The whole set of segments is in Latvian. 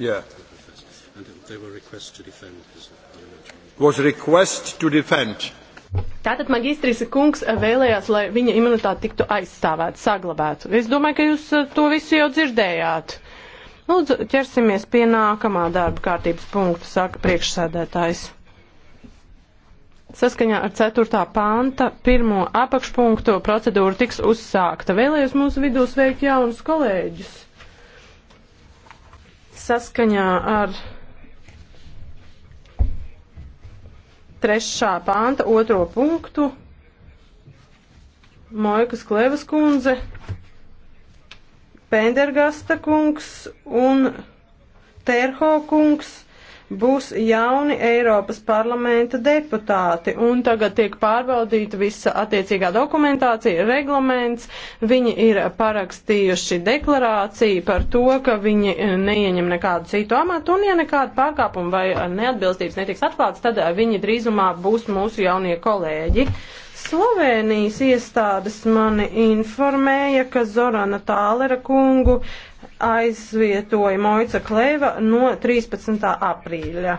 Yeah. And they were requests to defend. Was request to defend. Tātad magistrīsa kungs eh, vēlējās, lai viņa imunitāte tiktu aizstāvēta, saglabāta. Es domāju, ka jūs eh, to visu jau dzirdējāt. Nu, lūdzu, ķersimies pie nākamā darba kārtības punkta, saka priekšsēdētājs. Saskaņā ar 4. panta pirmo apakšpunktu procedūra tiks uzsākta. Vēlējos mūsu vidū sveikt jaunus kolēģus saskaņā ar 3. pānta 2. punktu Mojkas Klevas kundze, Pendergasta kungs un Terho kungs būs jauni Eiropas parlamenta deputāti, un tagad tiek pārbaudīta visa attiecīgā dokumentācija, reglaments, viņi ir parakstījuši deklarāciju par to, ka viņi neieņem nekādu citu amatu, un ja nekāda pārkāpuma vai neatbilstības netiks atklāts, tad eh, viņi drīzumā būs mūsu jaunie kolēģi. Slovenijas iestādes mani informēja, ka Zorana Tālera kungu aizvietoja Moica Kleiva no 13. aprīļa.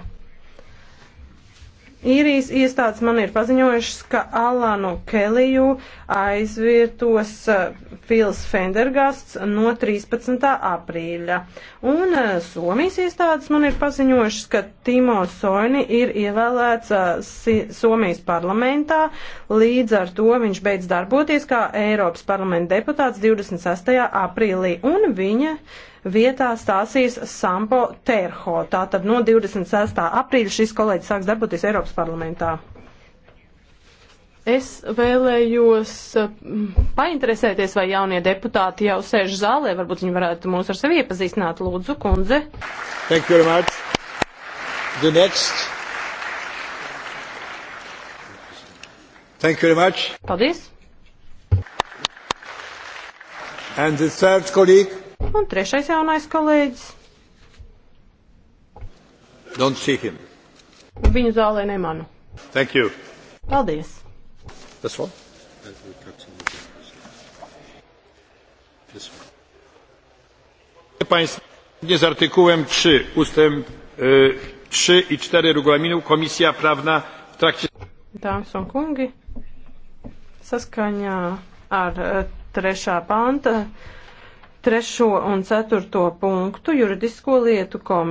Īrijas iestādes man ir paziņojušas, ka Alanu Keliju aizvietos uh, Fils Fendergasts no 13. aprīļa. Un uh, Somijas iestādes man ir paziņojušas, ka Timo Soini ir ievēlēts uh, Somijas parlamentā, līdz ar to viņš beidz darboties kā Eiropas parlamenta deputāts 26. aprīlī. Un viņa vietā stāsīs Sampo Terho. Tātad no 26. aprīļa šis kolēģis sāks darboties Eiropas parlamentā. Es vēlējos mm, painteresēties, vai jaunie deputāti jau sēž zālē, varbūt viņi varētu mūs ar sevi iepazīstināt, lūdzu, kundze. Thank you very much. The next. Thank you very much. Paldies. And the third colleague. Un trešais jaunais kolēģis. Don't see him. Viņu zālē nemanu. Thank you. Paldies. This one? Zgodnie z artykułem 3 ustęp 3 i 4 regulaminu Komisja Prawna w trakcie... Dāmas un kungi, saskaņā ar 3. E, panta trešo un ceturto punktu juridisko lietu komisiju.